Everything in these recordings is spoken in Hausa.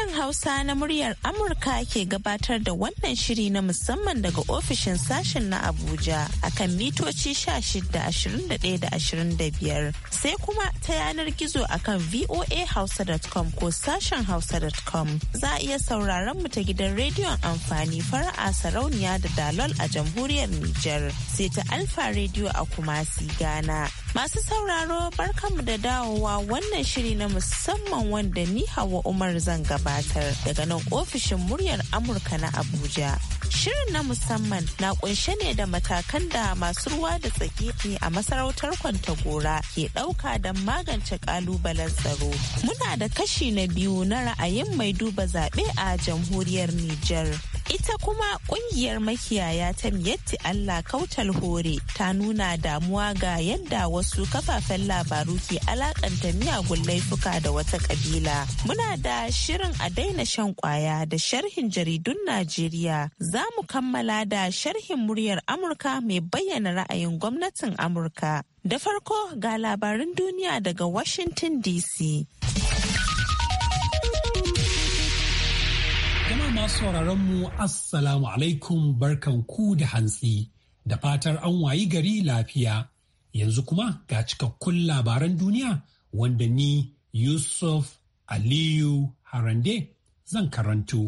sashen Hausa na muryar Amurka ke gabatar da wannan shiri na musamman daga ofishin sashen na Abuja akan mitoci 16-21-25 sai kuma ta yanar gizo akan voahausa.com ko sashen hausa.com. Za a iya sauraron mu ta gidan rediyon amfani fara'a sarauniya da dalol a jamhuriyar Nijar sai ta Alfa rediyo a Kumasi Ghana. Masu sauraro barkanmu da dawowa wannan shiri na musamman wanda ni Hawa Umar zan gaba. gabatar daga nan ofishin muryar Amurka na Abuja. Shirin na musamman na kunshe ne da matakan da masu ruwa da tsaki a masarautar Kwantagora ke dauka don magance kalubalen tsaro. Muna da kashi na biyu na ra'ayin mai duba zaɓe a jamhuriyar Nijar. ita kuma kungiyar makiyaya ta miyatti Allah kautal hore ta nuna damuwa ga yadda wasu kafafen labaru ke alakanta miyagun laifuka da wata kabila muna da shirin a daina shan kwaya da sharhin jaridun Najeriya za mu kammala da sharhin muryar Amurka mai bayyana ra'ayin gwamnatin Amurka da farko ga labarin duniya daga Washington DC masu sauraron mu assalamu alaikum barkan ku da hantsi da fatar an wayi gari lafiya yanzu kuma ga cikakkun labaran duniya wanda ni Yusuf Aliyu Harande zan karantu.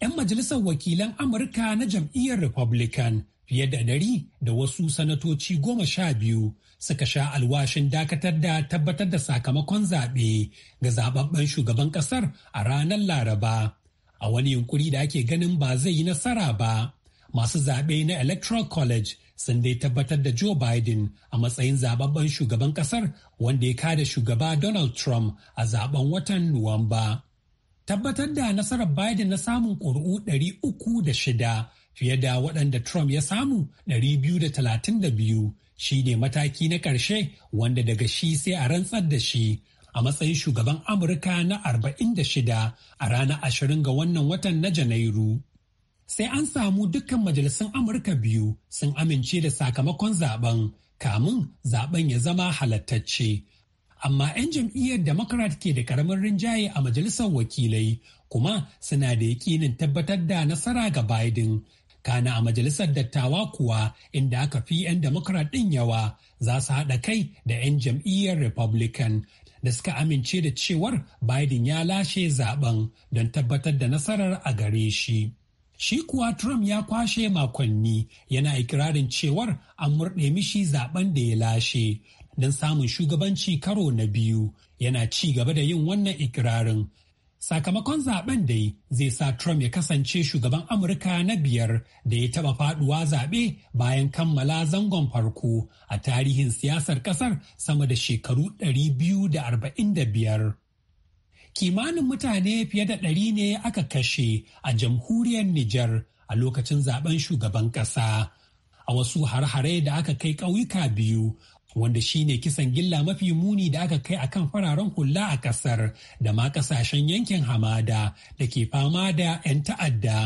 'Yan majalisar wakilan Amurka na jam'iyyar Republican fiye da dari da wasu sanatoci goma sha biyu suka sha alwashin dakatar da tabbatar da sakamakon zaɓe ga zaɓaɓɓen shugaban ƙasar a ranar Laraba a wani yunkuri da ake ganin ba zai yi nasara ba masu zaɓe na electoral college sun dai tabbatar da joe biden a matsayin zababben shugaban ƙasar wanda ya kada shugaba donald trump a zaben watan nuwamba tabbatar da nasarar biden na samun ƙuri'u 306 fiye da waɗanda trump ya samu 232 shi ne mataki na ƙarshe wanda daga shi sai a rantsar da shi a matsayin shugaban Amurka na 46 a ranar 20 ga wannan watan na Janairu. Sai an samu dukkan majalisun Amurka biyu sun amince da sakamakon zaben kamun zaben ya zama halattacce. Amma 'yan jam'iyyar Democrat ke da karamin rinjaye a majalisar wakilai kuma suna da yakinin tabbatar da nasara ga Biden Kana a majalisar dattawa kuwa inda aka fi 'yan Democrat ɗin yawa za su haɗa kai da 'yan jam'iyyar Republican da suka amince da cewar Biden ya lashe zaben don tabbatar da nasarar a gare shi. Shi kuwa Trump ya kwashe makonni yana ikirarin cewar an murɗe mishi zaben da ya lashe don samun shugabanci karo na biyu yana ci gaba da yin wannan ikirarin Sakamakon zaben dai zai sa Trump ya kasance shugaban Amurka na biyar da ya taba faduwa zaɓe bayan kammala zangon farko a tarihin siyasar ƙasar sama da shekaru 245. Kimanin mutane fiye da ɗari ne aka kashe a jamhuriyar Nijar a lokacin zaben shugaban ƙasa. A wasu har-hare da aka kai ƙauyuka biyu wanda shine kisan gilla mafi muni da aka kai akan fararen hula a kasar da ma kasashen yankin hamada da ke fama da 'yan ta'adda.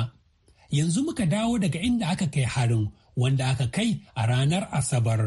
Yanzu muka dawo daga inda aka kai harin wanda aka kai a ranar Asabar.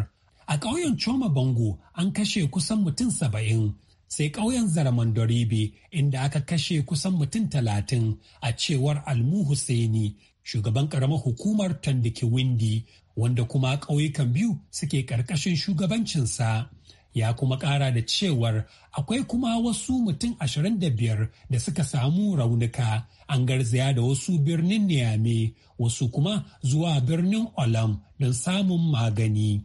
A ƙauyen Choma Bango an kashe kusan mutum saba'in, sai ƙauyen Zaraman Doribe inda aka kashe kusan mutum talatin a cewar Almu Hussaini shugaban karamar hukumar tandike windi wanda kuma ƙauyukan biyu suke ƙarƙashin shugabancinsa ya kuma ƙara da cewar akwai kuma wasu mutum ashirin da biyar da suka samu raunuka an garzaya da wasu birnin niyame wasu kuma zuwa birnin olam don samun magani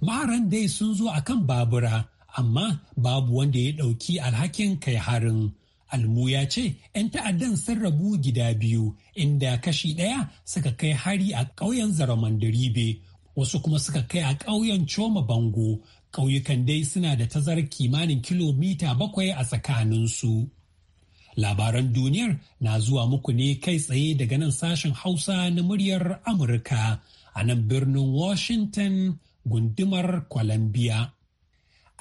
maharan dai sun zo akan babura amma babu wanda ya ɗauki alhakin kai harin Almu ya ce 'yan ta'addan sun rabu gida biyu inda kashi ɗaya suka kai hari a ƙauyen Zaramandaribe wasu kuma suka kai a ƙauyen Choma Bango ƙauyukan dai suna da tazarar kimanin kilomita bakwai a tsakaninsu. Labaran duniyar na zuwa muku ne kai tsaye daga nan sashen Hausa na muryar Amurka a nan birnin Washington gundumar Columbia.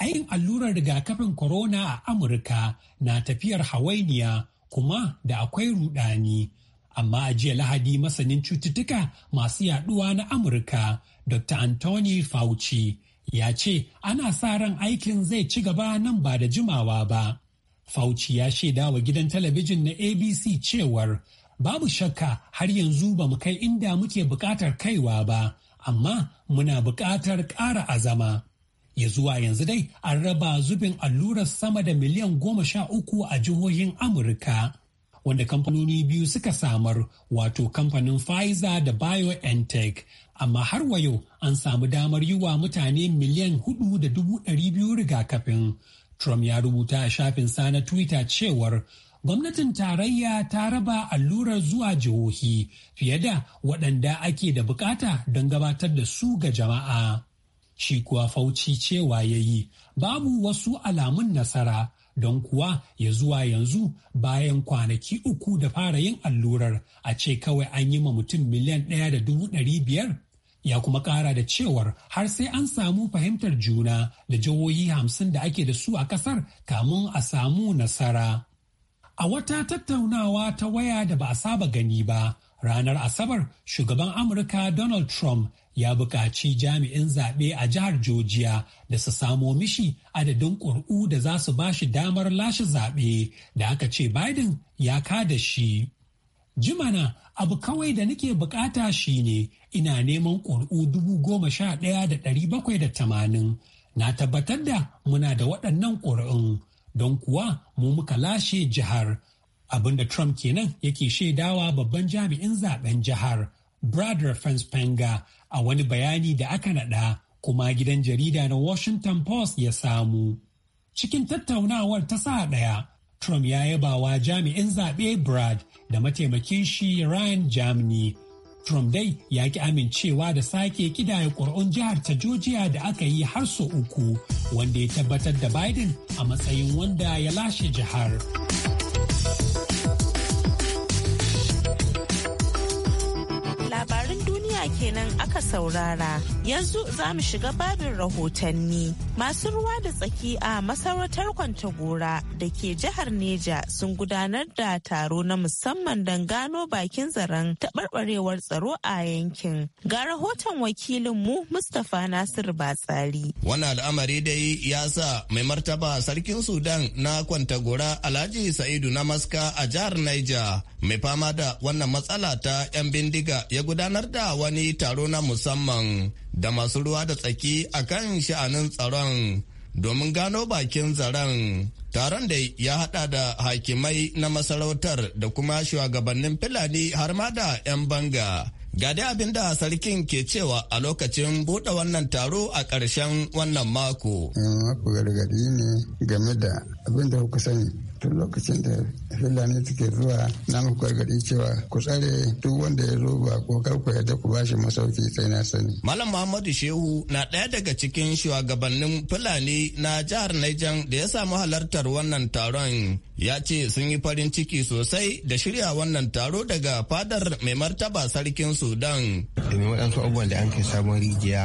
yin allurar rigakafin corona a Amurka na tafiyar hawainiya kuma da akwai rudani. Amma a jiya Lahadi masanin cututtuka masu yaduwa na Amurka, Dr. Anthony Fauci, ya ce ana sa ran aikin zai ci gaba nan ba da jimawa ba. Fauci ya shaida wa gidan talabijin na ABC cewar babu shakka har yanzu ba mu kai inda muke buƙatar kaiwa ba, amma muna buƙatar ƙara azama. ya zuwa yanzu dai an raba zubin allurar sama da miliyan goma sha uku a jihohin amurka wanda kamfanoni biyu suka samar wato kamfanin pfizer da biontech amma har wa yau an samu damar yi wa mutane miliyan hudu da dubu ɗari biyu rigakafin trump ya rubuta a shafin na twitter cewar gwamnatin tarayya ta raba allurar zuwa jihohi fiye da waɗanda ake da bukata don gabatar da su ga jama'a. Shi kuwa Fauci cewa ya yi babu wasu alamun nasara don kuwa ya zuwa yanzu bayan kwanaki uku da fara yin allurar a ce kawai an yi ma mutum miliyan ɗaya da dubu ɗari biyar ya kuma ƙara da cewar har sai an samu fahimtar juna da jihohi hamsin da ake da su a ƙasar, kamun a samu nasara. A wata tattaunawa ta waya da ba a saba gani ba, ranar Asabar shugaban Amurka Donald Trump ya buƙaci jami'in zaɓe a jihar Jojiya da su samo mishi adadin ƙuri'u da za su ba shi damar lashe zaɓe da aka ce Biden ya ka da shi. Jimana abu kawai da nake bukata ne. ina neman ƙuri'u dubu goma sha ɗaya da ɗari bakwai da tamanin. Na tabbatar da muna da waɗannan ƙuri'un don kuwa mu muka lashe jihar. Abinda Trump kenan yake shaidawa babban jami'in zaben jihar. Brad Fenspenga a wani bayani da aka naɗa kuma gidan jarida na Washington Post ya samu. Cikin tattaunawar ta sa ɗaya, Trump ya yabawa jami'in zaɓe Brad da mataimakin shi Ryan Germany. Trump dai ya ki amincewa da sake kidaya ƙuri'un jihar ta Georgia da aka yi har so uku, wanda ya tabbatar da Biden a matsayin wanda ya lashe jihar. kenan aka saurara. Yanzu za mu shiga babin rahotanni. Masu ruwa da tsaki a masarautar Kwantagora da ke jihar Neja sun gudanar da taro na musamman don gano bakin zaren taɓarɓarewar tsaro a yankin. Ga rahoton wakilin mu Mustapha Nasir Batsari. Wani al'amari dai ya sa mai martaba sarkin Sudan na Kwantagora Alhaji Sa'idu na Maska a jihar Niger mai fama da wannan matsala ta 'yan bindiga ya gudanar da wani taro na musamman da masu ruwa da tsaki a kan sha'anin tsaron domin gano bakin zaren taron da ya hada da hakimai na masarautar da kuma shugabannin fulani har ma da 'yan banga ga dai abin da sarkin ke cewa a lokacin buɗe wannan taro a ƙarshen wannan mako. mako gargadi ne game da abin da kuka sani tun lokacin da fulani take zuwa na muku gargaɗi cewa ku tsare duk wanda ya zo ba ko kar ku yarda ku bashi masauki sai na sani. Malam Muhammadu Shehu na ɗaya daga cikin shugabannin Fulani na jihar Niger da ya samu halartar wannan taron ya ce sun yi farin ciki sosai da shirya wannan taro daga fadar mai martaba sarkin Sudan. Domin waɗansu abubuwan da an kai sabon rijiya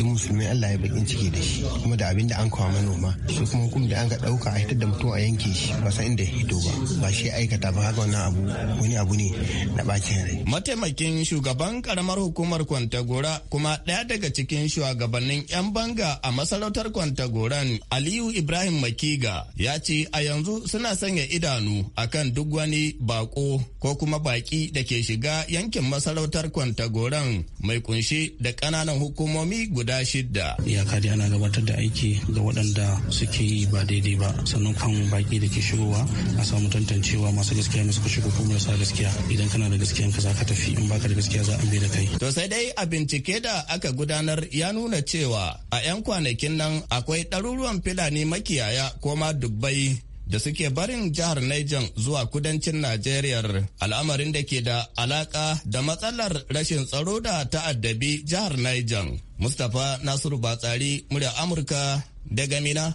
duk musulmi Allah ya bakin ciki da shi kuma da abin da an kawo manoma su kuma hukum da an ka ɗauka a hitar da mutum a yanke shi rasa inda ya hito ba ba shi aikata ba haka wannan abu wani abu ne na bakin rai mataimakin shugaban karamar hukumar kwantagora kuma ɗaya daga cikin shugabannin yan banga a masarautar kwantagoran aliyu ibrahim makiga ya ce a yanzu suna sanya idanu akan duk wani bako ko kuma baki da ke shiga yankin masarautar kwantagoran mai kunshi da ƙananan hukumomi guda shidda iyaka dai ana gabatar da aiki ga waɗanda suke yi ba daidai ba sannan kan baki da ke shiga shigowa a samu tantancewa masu gaskiya ne suka shigo ko marasa gaskiya idan kana da gaskiya ka za ka tafi in baka da gaskiya za a bai da kai. To sai dai a bincike da aka gudanar ya nuna cewa a 'yan kwanakin nan akwai ɗaruruwan filani makiyaya ko ma dubbai da suke barin jihar Niger zuwa kudancin Najeriya al'amarin da ke da alaka da matsalar rashin tsaro da ta'addabi jihar Niger. Mustapha Nasiru Batsari murya Amurka daga Mina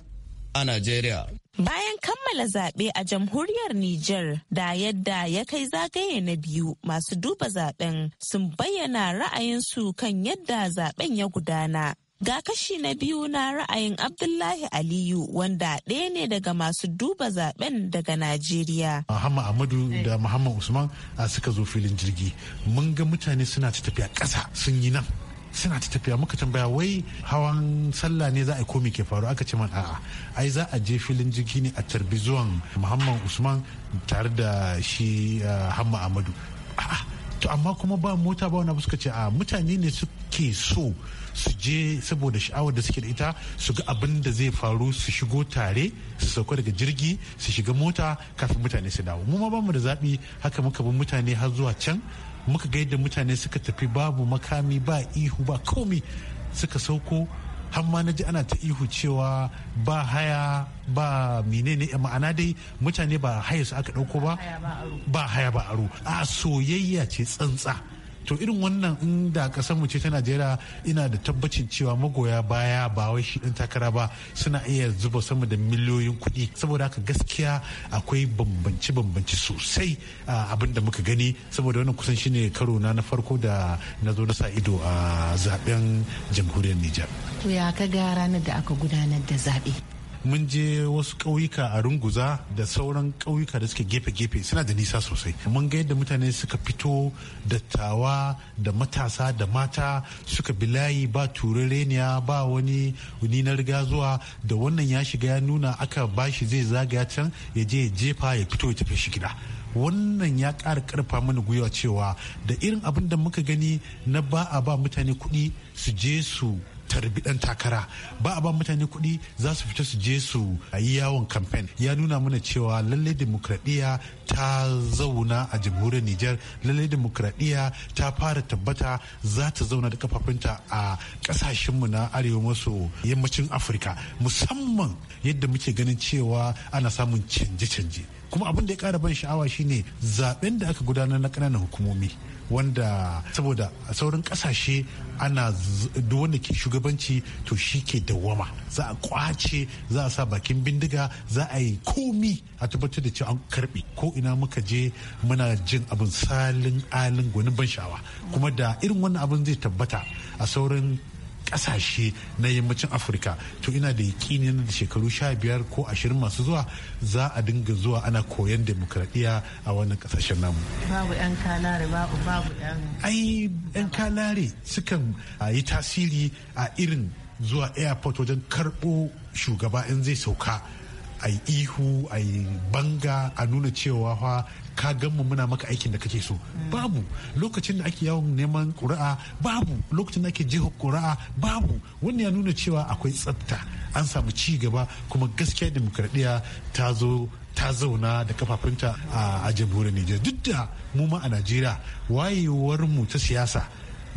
a Najeriya. Bayan kammala zaɓe a jamhuriyar Nijar da yadda ya kai zagaye na biyu masu duba zaɓen sun bayyana ra'ayinsu kan yadda zaɓen ya gudana. Ga kashi na biyu na ra'ayin Abdullahi Aliyu wanda ɗaya ne daga masu duba zaɓen daga Najeriya. Muhammad Ahmadu da Muhammad Usman suka zo filin jirgi. Mun ga mutane suna ta tafiya ƙasa sun yi nan. suna ta tafiya muka tambaya wai hawan sallah ne za a yi komi ke faru aka ce man a'a ai za a je filin jirgi ne a tarbi zuwan muhammad usman tare da shi eh, hamma amadu to amma kuma ba mota ba wani abu suka ce a mutane ne suke so su je saboda sha'awar da suke da ita su ga abin da zai faru su shigo tare su sauka daga jirgi su shiga mota kafin mutane su dawo mu ma bamu da zaɓi haka muka bi mutane har zuwa can muka ga yadda mutane suka tafi babu makami ba ihu ba komi suka sauko har ma na ji ana ta ihu cewa ba haya ba menene ma'ana dai mutane ba haya su aka dauko ba ba haya ba aro a soyayya ce tsantsa to irin wannan inda da kasar mu ce ta najeriya ina da tabbacin cewa magoya baya ba wai shi din takara ba suna iya zuba sama da miliyoyin kuɗi saboda haka gaskiya akwai bambanci bambanci sosai abin da muka gani saboda wannan kusan shine karo na na farko da na zo na sa ido a zaben jamhuriyar Nijar. To ya ka ga ranar da aka gudanar da zaɓe? mun je wasu ƙauyuka a runguza da sauran ƙauyuka da suke gefe-gefe suna da nisa sosai mun ga yadda mutane suka fito dattawa da matasa da mata suka bi layi ba turereniya ba wani ni na riga zuwa da wannan ya shiga ya nuna aka bashi zai zagaya can ya je ya jefa ya fito ya tafi shi gida wannan ya ƙara ƙarfa mana gwiwa cewa da irin abin da muka gani na ba a ba mutane kuɗi su je su tarbi dan takara ba a ba mutane kuɗi za su fita su je su yi yawon kamfen ya nuna mana cewa lalle demokradiyya ta zauna a jamhuriyar Nijar lalle demokradiyya ta fara tabbata za ta zauna da kafafunta a mu na arewa maso yammacin Afirka musamman yadda muke ganin cewa ana samun canje-canje kuma abin da ya kara ban sha'awa shine zaben da aka gudanar na ƙananan hukumomi wanda saboda saurin kasashe ana duk wanda ke shugabanci to shi ke dawwama za a kwace za a sa bakin bindiga za a yi komi a tabbatar da cewa an karbi ko ina muka je muna jin abin salin alin gwanin ban sha'awa kuma da irin wannan abin zai tabbata a saurin. kasashe na yammacin afirka to ina da yakini da shekaru sha biyar ko ashirin masu zuwa za a dinga zuwa ana koyan demokradiyya a wannan kasashen namu babu yan kalare babu babu ai yan kalare sukan ah, yi tasiri a irin zuwa airport wajen karɓo shugaba in zai sauka a yi ihu a yi banga a nuna cewa fa ka ganmu muna maka aikin da kake so babu lokacin da ake yawon neman ƙuri'a babu lokacin da ake jiha ƙuri'a babu wannan ya nuna cewa akwai tsafta an samu ci gaba kuma gaskiya demokradiyya ta zo ta zauna da kafafunta a jamhuriyar Nijar duk da mu ma a Najeriya wayewar mu ta siyasa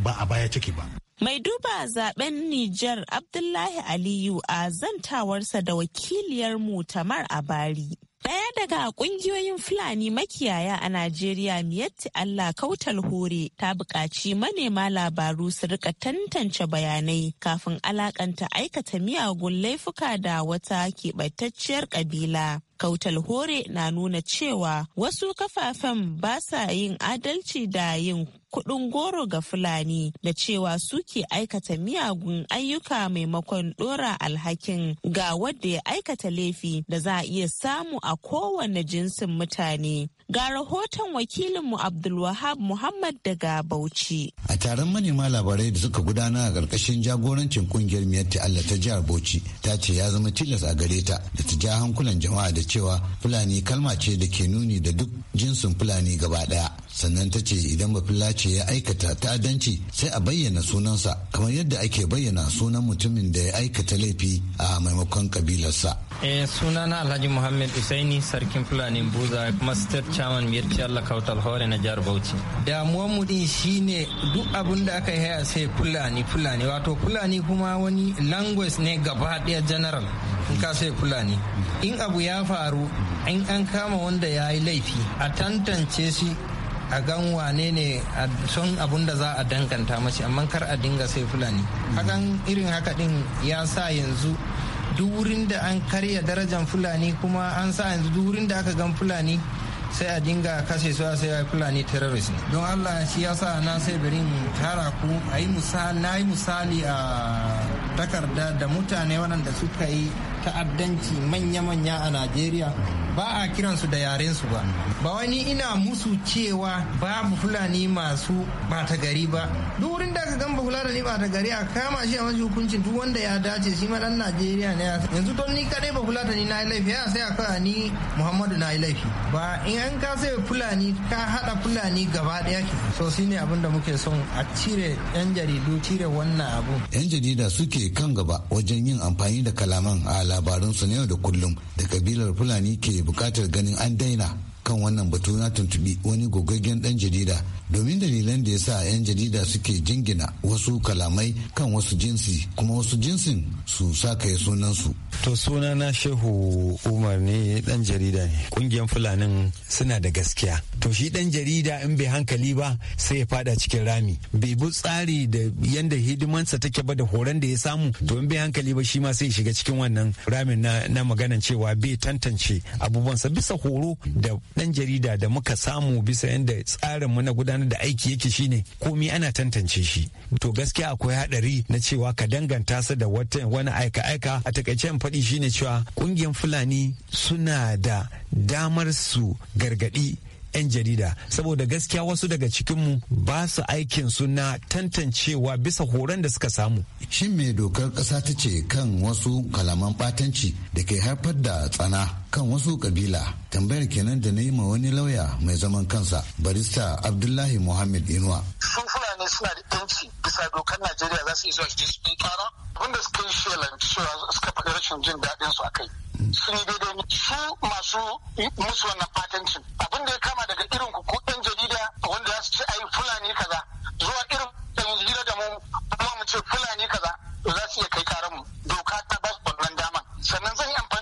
ba a baya take ba Mai duba zaben Nijar Abdullahi Aliyu a zantawarsa da wakiliyarmu Tamar Abari. Daya daga kungiyoyin Fulani makiyaya a Najeriya Miyatti Allah Kautal Hore ta buƙaci manema labaru su rika tantance bayanai kafin alakanta aikata miyagun laifuka da wata keɓantacciyar ƙabila. Kautal Hore na nuna cewa wasu kafafen ba sa yin adalci da yin kudin goro ga Fulani da cewa suke aikata miyagun ayyuka maimakon dora alhakin ga wadda ya aikata laifi da za a iya samu a kowane jinsin mutane. Ga rahoton wakilinmu Abdulwahab Muhammad daga Bauchi. A taron manema labarai da suka gudana a ƙarƙashin jagorancin kungiyar ta Allah ta jihar Bauchi ta ce ya zama tilas a gare ta da ta ja hankulan jama'a da cewa fulani kalma ce da ke nuni da duk jinsin fulani gaba daya sannan ta ce idan bafilla ce ya aikata ta'addanci sai a bayyana sunansa kamar yadda ake bayyana sunan mutumin da ya aikata laifi a maimakon kabilarsa eh sunana alhaji muhammad usaini sarkin fulani buza kuma state chairman mirci allah kautal hore na jihar bauchi damuwan mu din shine duk abin da aka yi haya sai fulani fulani wato fulani kuma wani language ne gaba daya general in ka sai kula in abu ya faru in an kama wanda ya yi laifi a tantance shi a gan wane ne a son abun da za a danganta mashi amma kar a dinga sai fulani hakan irin haka din ya sa yanzu duk wurin da an karya darajan fulani kuma an sa yanzu duk wurin da aka gan fulani sai a dinga kashe su a sai fulani terrorist ne don allah shi ya sa na sai birin tara ku a yi misali a takarda da mutane waɗanda suka yi ta'addanci manya-manya a Najeriya ba a kiransu da yarensu ba. Ba wani ina musu cewa babu Fulani masu bata gari ba. Duk wurin da aka gan ba Fulani bata gari a kama shi a mashi hukuncin duk wanda ya dace shi ma dan Najeriya ne. Yanzu don ni kadai ba Fulani na yi laifi ya sai aka ni Muhammadu na yi laifi. Ba in an ka sai Fulani ka hada Fulani gaba ɗaya ke. So ne abin da muke son a cire yan jaridu cire wannan abu. Yan jarida suke kan gaba wajen yin amfani da kalaman a labaransu na yau da kullum da kabilar fulani ke bukatar ganin an daina kan wannan batu na tuntubi wani gogaggen dan jarida domin dalilan da ya sa 'yan jarida suke jingina wasu kalamai kan wasu jinsi kuma wasu jinsin su sakaye sunansu. To suna na Shehu Umar ne dan jarida ne. Kungiyan Fulanin suna da gaskiya. To shi dan jarida in bai hankali ba sai ya fada cikin rami. Bai bi tsari da yanda hidimansa take ba da horon da ya samu to in bai hankali ba shi ma sai ya shiga cikin wannan ramin na, na maganan cewa bai tantance abubuwansa bisa horo da dan jarida da muka samu bisa yadda tsarin mu na gudanar da aiki yake shine komi ana tantance shi to gaskiya akwai hadari na cewa ka danganta su da wata wani aika aika a takaicen faɗi shine cewa ƙungiyar fulani suna da damar su gargaɗi. 'yan jarida saboda gaskiya wasu daga cikinmu ba su aikin su na tantancewa bisa horon da suka samu. Shin me dokar ƙasa ta ce kan wasu kalaman ɓatanci da ke haifar da tsana kan wasu kabila tambayar kenan da na yi ma wani lauya mai zaman kansa barista Abdullahi Muhammad Inuwa. Su Fulani suna da ɗanci bisa dokar Najeriya za su yi zuwa su je su kara abinda suka yi shelan cewa suka faɗi rashin jin daɗin su a kai. sun yi daidai su masu musu wannan fatancin abin da ya kama daga irin ku ko ɗan jarida wanda za su ce ai fulani kaza zuwa irin ɗan jarida da mu kuma mu ce fulani kaza za su iya kai karan mu doka ta ba su wannan daman sannan zan yi amfani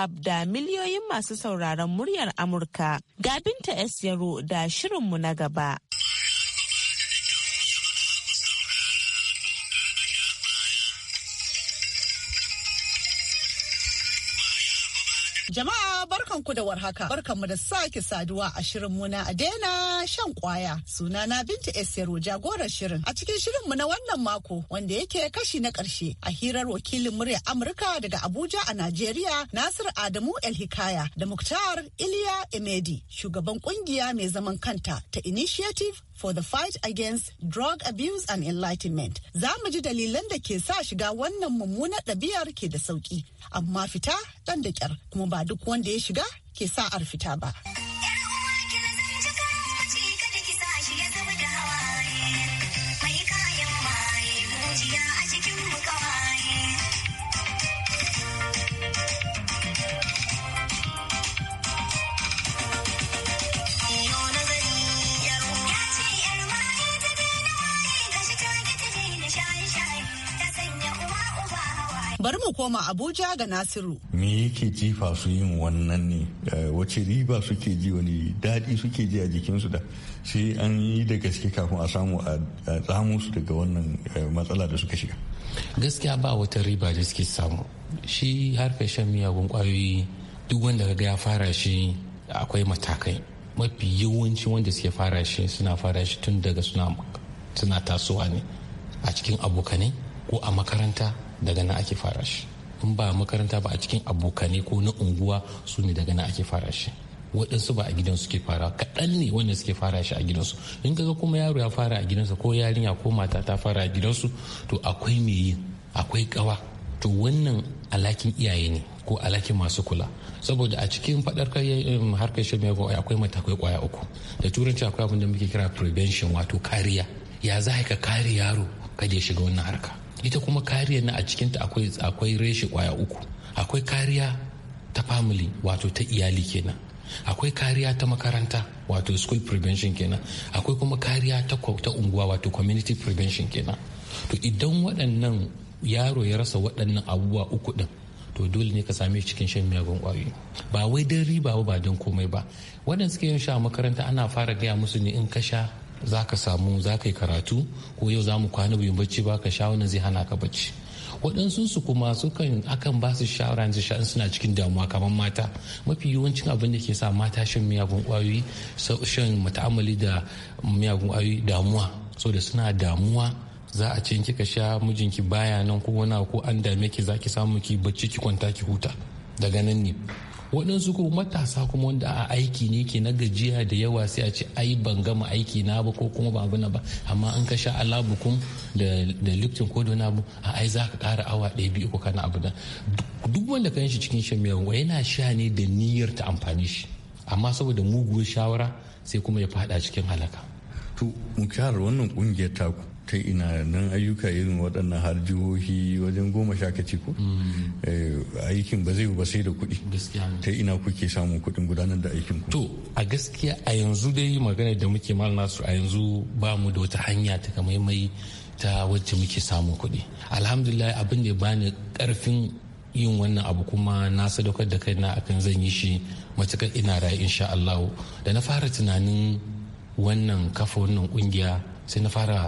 Wahab da miliyoyin masu sauraron muryar Amurka. gabinta Binta S. Yaro da shirinmu na gaba. ku da warhaka. mu da sake saduwa a shirin mu na daina shan kwaya. Sunana Binta Esero jagorar shirin. A cikin shirin mu na wannan mako wanda yake kashi na karshe a hirar wakilin murya Amurka daga Abuja a Najeriya Nasir Adamu El Hikaya da Muktar Iliya Emedi shugaban kungiya mai zaman kanta ta Initiative for the Fight Against Drug Abuse and Enlightenment. Za mu ji dalilan da ke sa shiga wannan mummunar ɗabi'ar ke da sauƙi, amma fita ɗan da ƙyar kuma ba duk wanda ya shiga ke sa ar fita ba. bari mu koma abuja ga nasiru me yake jifa su yin wannan ne eh, wace riba suke ji wani daɗi suke ji a jikinsu da sai an yi da gaske kafin a samu a tsamo su daga wannan eh, matsala da suka shiga gaskiya ba wata riba da suke samu shi harfe shan miyagun kwayoyi duk wanda ga ya fara shi akwai matakai mafi yawanci wanda suke fara shi suna fara shi tun daga suna tasowa ne a cikin abokanai ko a makaranta daga na ake fara shi in ba makaranta ba a cikin abokanai ko na unguwa su ne daga na ake fara shi waɗansu ba a gidan suke fara kaɗan ne wanda suke fara shi a gidansu in ga kuma yaro ya fara a gidansa ko yarinya ko mata ta fara a gidansu to akwai me yi akwai kawa to wannan alakin iyaye ne ko alakin masu kula saboda a cikin faɗarkar um, harkar shan miyagun akwai matakai kwaya uku da turanci akwai abin da muke kira prevention wato kariya ya za ka kare yaro kada ya shiga wannan harka ita kuma kariyar na a cikinta akwai akwai reshe kwaya uku akwai kariya ta family wato ta iyali kenan akwai kariya ta makaranta wato school prevention kenan akwai kuma kariya ta ta unguwa wato community prevention kenan to idan waɗannan yaro ya rasa waɗannan abubuwa uku din to dole ne ka same shi cikin shan miyagun kwayoyi ba wai don riba ba ba don komai ba waɗanda suke yin sha makaranta ana fara gaya musu ne in ka sha za ka samu za ka yi karatu ko yau za mu kwana bai bacci ba ka sha wannan zai hana ka bacci waɗansu su kuma sukan akan ba su shawara yanzu sha suna cikin damuwa kamar mata mafi yawancin abin da ke sa mata shan miyagun ƙwayoyi shan mata'amali da miyagun ƙwayoyi damuwa saboda suna damuwa za a ce kika sha mijinki baya nan ko wani ko an dame ki zaki samu ki bacci ki kwanta ki huta daga nan ne waɗansu ko matasa kuma wanda a aiki ne ke na gajiya da yawa sai a ce ai ban gama aiki na ba ko kuma ba abin ba amma an ka sha alabukun da liptin ko da namu a ai za ka ƙara awa ɗaya biyu ko kana abu da duk wanda ka shi cikin shan miyagun yana sha ne da niyyar ta amfani shi amma saboda muguwar shawara sai kuma ya fada cikin halaka. to kyara wannan kungiyar taku ta ina nan ayyuka irin waɗannan har jihohi wajen goma sha kaci ko mm. eh, aikin ba zai ba sai da kuɗi ta ina kuke samun kuɗin gudanar da aikin ku to a gaskiya a yanzu dai magana da muke mal nasu a yanzu ba mu da wata hanya ta kamaimai ta wacce muke samun kuɗi alhamdulillah abin da bani karfin yin wannan abu kuma na sadaukar da kaina akan zan yi shi matukar ina rayu insha Allah da na fara tunanin wannan kafa wannan kungiya sai na fara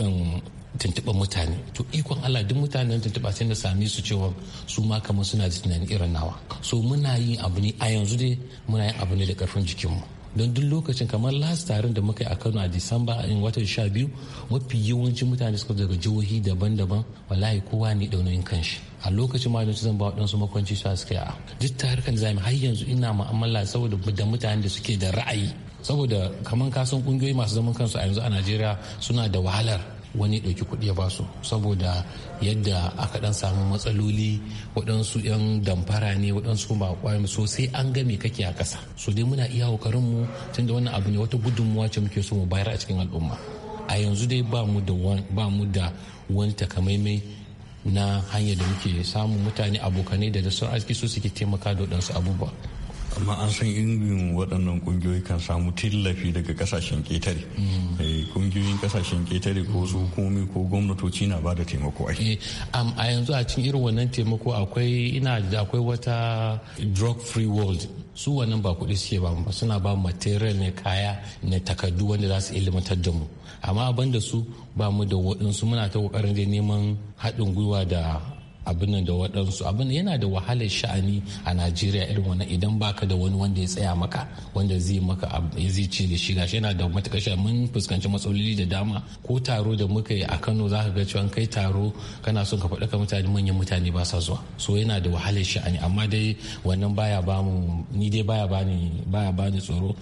um, tuntuɓar mutane to ikon Allah duk mutanen tuntuɓa sai na same su cewa su ma kamar suna da tunanin irin nawa so muna yin abu ne a yanzu dai muna yin abu ne da karfin jikinmu don duk lokacin kamar last taron da muka yi a Kano a Disamba a watan sha biyu mafi yawancin mutane suka daga jihohi daban-daban wallahi kowa ne daunoyin kanshi a lokacin ma don zan ba waɗansu makwanci su suka yi a duk tarukan zami har yanzu ina ma'amala saboda da mutanen da suke da ra'ayi saboda kamar kasan kungiyoyi masu zaman kansu a yanzu a najeriya suna da wahalar wani ɗauki kuɗi ya basu saboda yadda aka ɗan samu matsaloli waɗansu 'yan damfara ne waɗansu ba ƙwayoyi so sai an ga me kake a ƙasa so dai muna iya hukarin mu tunda wannan abu ne wata gudunmuwa ce muke so mu bayar a cikin al'umma a yanzu dai ba mu da wani takamaimai na hanyar da muke samun mutane abokanai da da sun arziki so suke taimaka da waɗansu abubuwa amma an san irin waɗannan ƙungiyoyi kan samu tallafi daga ƙasashen ƙetare. Mm. Eh, ƙungiyoyin ƙasashen ƙetare ko su hukumomi ko gwamnatoci na bada taimako ai eh, a yanzu a cikin irin wannan taimako akwai ina da akwai wata drug free world su wannan ba kuɗi suke ba ba suna ba material ne kaya ne takardu wanda za su ilimantar da mu amma abin da su ba mu da waɗansu muna ta ƙoƙarin neman haɗin gwiwa da abin da waɗansu abin yana da wahalar sha'ani a najeriya irin wani idan baka da wani wanda ya tsaya maka wanda zai maka zai ce da shi gashi yana da matuƙar sha mun fuskanci matsaloli da dama ko taro da muka yi a kano za ka ga cewa kai taro kana son ka faɗa ka mutane manyan mutane ba sa zuwa so yana da wahalar sha'ani amma dai wannan baya ba mu ni dai baya bani baya ni tsoro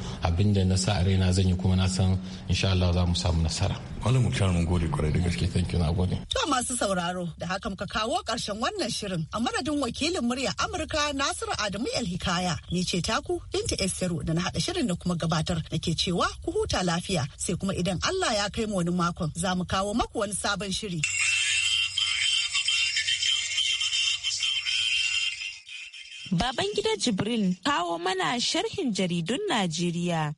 da na sa a raina zan yi kuma na san insha Allah za mu samu nasara Malam Muktar mun gode kwarai da gaske thank you na gode. To masu sauraro da haka muka kawo ƙarshen wannan shirin a madadin wakilin murya Amurka Nasiru Adamu El Hikaya ni ce taku Binta Esteru da na haɗa shirin da kuma gabatar da ke cewa ku huta lafiya sai kuma idan Allah ya kai mu wani makon za mu kawo maku wani sabon shiri. babangida gida Jibril kawo mana sharhin jaridun Najeriya.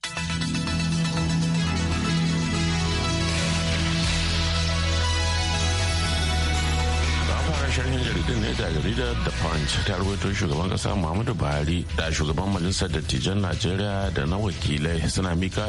sharhin jaridun ne da jaridar da punch ta rubuto shugaban kasa muhammadu buhari da shugaban majalisar dattijan najeriya da na wakilai suna mika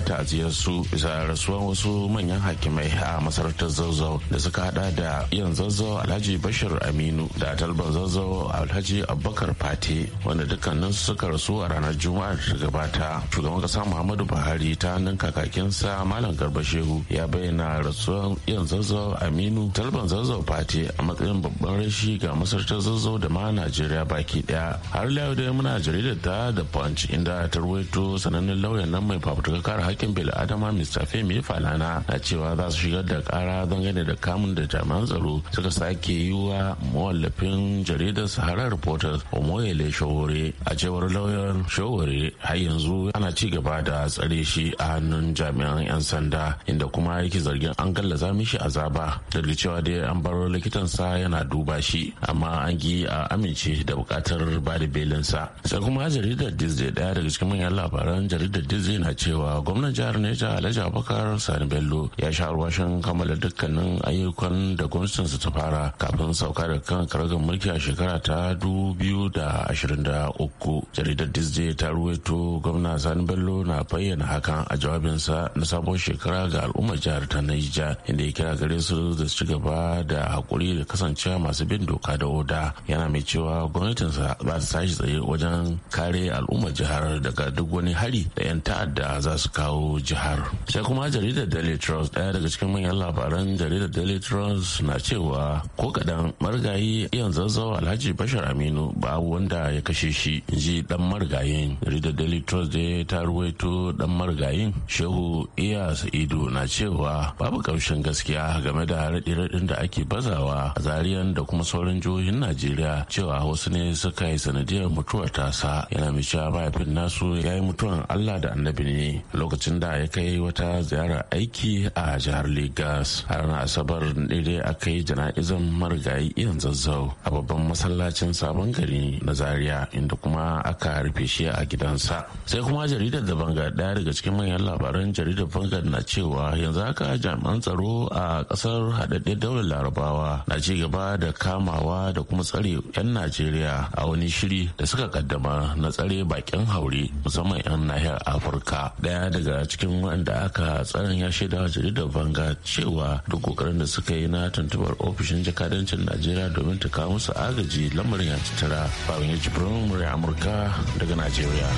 su, bisa rasuwar wasu manyan hakimai a masarautar zazzau da suka hada da yan zazzau alhaji bashir aminu da talban zazzau alhaji abubakar fate wanda dukkanin suka rasu a ranar Juma'a da gabata shugaban kasa muhammadu buhari ta hannun kakakinsa malam garba shehu ya bayyana rasuwan yan zazzau aminu talban zazzau fate a matsayin babban shi ga masar ta zazzau da ma najeriya baki daya har layo da muna jaridar ta da punch inda ta ruwaito sanannen lauyan nan mai fafutuka kare hakkin bil adama mr femi falana na cewa za su shigar da kara dangane da kamun da jami'an tsaro suka sake yi wa mawallafin jaridar sahara reporters omoyele shawore a cewar lauyan shawore har yanzu ana ci gaba da tsare shi a hannun jami'an 'yan sanda inda kuma yake zargin an gallaza mishi azaba duk da cewa dai an baro likitansa yana duba shi amma an gi a amince da bukatar ba da belinsa sai kuma jaridar disney daya daga cikin manyan labaran jaridar disney na cewa gwamnan jihar neja alhaji abubakar sani bello ya sha alwashin kammala dukkanin ayyukan da gwamnatinsa ta fara kafin sauka da kan karagar mulki a shekara ta dubu da ashirin da uku jaridar disney ta ruwaito gwamna sani bello na bayyana hakan a jawabinsa na sabon shekara ga al'ummar jihar ta neja inda ya kira gare su da su ci gaba da haƙuri da kasancewa masu bin doka da oda yana mai cewa gwamnatin za ta tashi tsaye wajen kare al'ummar jihar daga duk wani hari da 'yan ta'adda za su kawo jihar sai kuma jaridar daily trust daya daga cikin manyan labaran jaridar daily trust na cewa ko kadan marigayi iyan zazzau alhaji bashar aminu ba wanda ya kashe shi ji dan marigayin jaridar daily trust ya ta ruwaito dan marigayin shehu iya sa'idu na cewa babu kamshin gaskiya game da raɗe-raɗin da ake bazawa a zariyan da kuma kuma sauran jihohin najeriya cewa wasu ne suka yi sanadiyar mutuwar tasa yana mai cewa mahaifin nasu ya yi mutuwar allah da annabi ne lokacin da ya kai wata ziyarar aiki a jihar legas a ranar asabar dai aka yi jana'izan marigayi iyan zazzau a babban masallacin sabon gari na zaria inda kuma aka rufe shi a gidansa sai kuma jaridar da banga daya daga cikin manyan labaran jaridar banga na cewa yanzu haka jami'an tsaro a kasar haɗaɗɗen daular larabawa na ci gaba da ka kamawa da kuma tsare 'yan najeriya a wani shiri da suka kaddama na tsare bakin haure musamman 'yan nahiyar afirka daya daga cikin wanda aka tsarin ya shaida jaridar banga cewa duk kokarin da suka yi na tuntubar ofishin jakadancin najeriya domin ta kawo musu agaji lamarin ya tattara babin ya jibrin murya amurka daga najeriya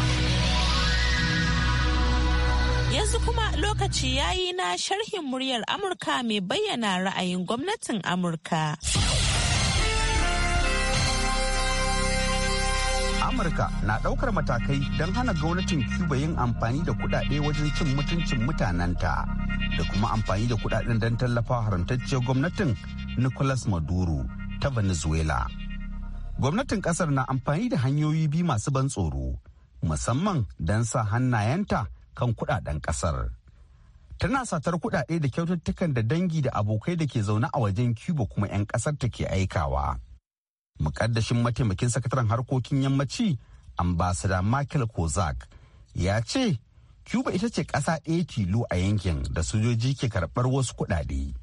yanzu kuma lokaci yayi na sharhin muryar amurka mai bayyana ra'ayin gwamnatin amurka. amurka na ɗaukar matakai don hana gwamnatin cuba yin amfani da kuɗaɗe wajen cin mutuncin mutanenta da kuma amfani da kuɗaɗen don tallafa haramtacciyar gwamnatin nicolas maduro ta venezuela gwamnatin ƙasar na amfani da hanyoyi biyu masu ban tsoro musamman don sa hannayenta kan kuɗaɗen ƙasar tana satar kuɗaɗe da kyaututtukan da dangi da abokai da ke zaune a wajen cuba kuma 'yan ƙasar ta ke aikawa. mukaddashin mataimakin sakataren harkokin yammaci ambasada michael kozak ya ce cuba ita ce ƙasa ɗaya tilo a yankin da sojoji ke karɓar wasu kuɗaɗe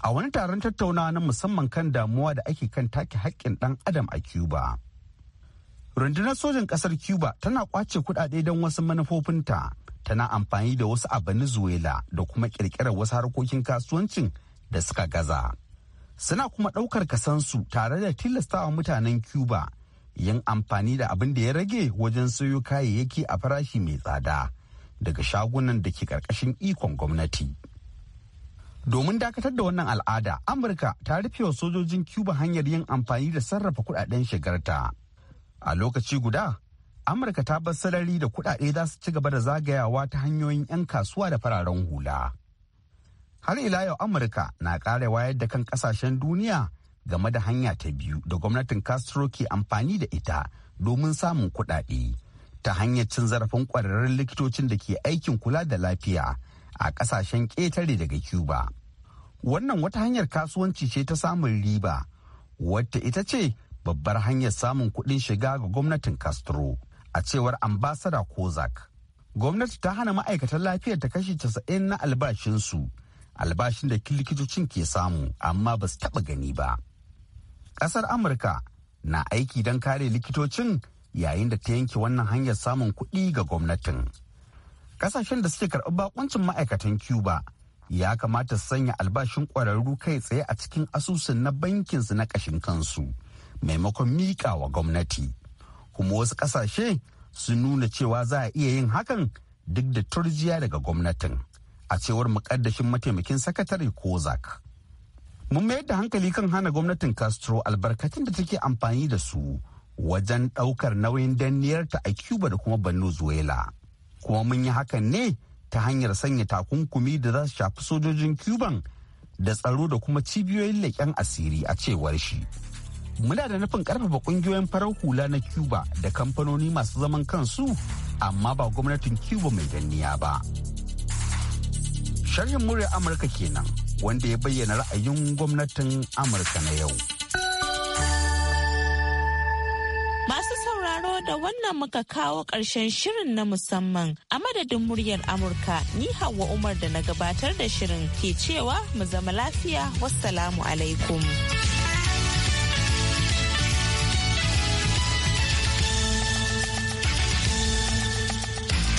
a wani taron tattaunawa na musamman kan damuwa da ake kan take haƙƙin ɗan adam a cuba rundunar sojan ƙasar cuba tana ƙwace kuɗaɗe don wasu manufofinta tana amfani da wasu a venezuela da kuma ƙirƙirar wasu harkokin kasuwancin da suka gaza suna kuma ɗaukar kasansu tare da tilastawa mutanen cuba yin amfani da abin da ya rage wajen sayo kayayyaki a farashi mai tsada daga shagunan da ke ƙarƙashin ikon gwamnati domin dakatar da wannan al'ada amurka ta rufe wa sojojin cuba hanyar yin amfani da sarrafa kudaden shigarta a lokaci guda amurka ta bar sarari da kudade za su ci gaba da zagayawa ta hanyoyin 'yan kasuwa da fararen hula. har ila yau amurka na ƙara wayar da kan ƙasashen duniya game da hanya ta biyu da gwamnatin castro ke amfani da ita domin samun kuɗaɗe ta hanyar cin zarafin kwararren likitocin da ke aikin kula da lafiya a ƙasashen ƙetare daga cuba wannan wata hanyar kasuwanci ce ta samun riba Wata ita ce babbar hanyar samun kuɗin shiga ga gwamnatin castro a cewar ambasada kozak gwamnati ta hana ma'aikatan lafiyar ta kashe 90 na albashinsu albashin da likitocin ke samu amma ba su taɓa gani ba. Ƙasar Amurka na aiki don kare likitocin yayin da ta yanke wannan hanyar samun kuɗi ga gwamnatin. Ƙasashen da suke karɓi bakuncin ma'aikatan Cuba ya kamata su sanya albashin ƙwararru kai tsaye a cikin asusun na bankinsu na ƙashin kansu maimakon miƙa wa gwamnati. Kuma wasu ƙasashe sun nuna cewa za a iya yin hakan duk da turjiya daga gwamnatin. a cewar mukaddashin mataimakin sakatare kozak mun mayar da hankali kan hana gwamnatin castro albarkatun da take amfani da su wajen ɗaukar nauyin danniyarta a cuba da kuma venezuela kuma mun yi hakan ne ta hanyar sanya takunkumi da za su shafi sojojin cuban da tsaro da kuma cibiyoyin leƙen asiri a cewar shi muna da nufin karfafa ƙungiyoyin farar hula na cuba da kamfanoni masu zaman kansu amma ba gwamnatin cuba mai danniya ba Sharhin muryar Amurka kenan wanda ya bayyana ra'ayin gwamnatin Amurka na yau. Masu sauraro da wannan muka kawo ƙarshen shirin na musamman a madadin muryar Amurka ni Hauwa Umar da na gabatar da shirin ke cewa mu zama lafiya wassalamu alaikum.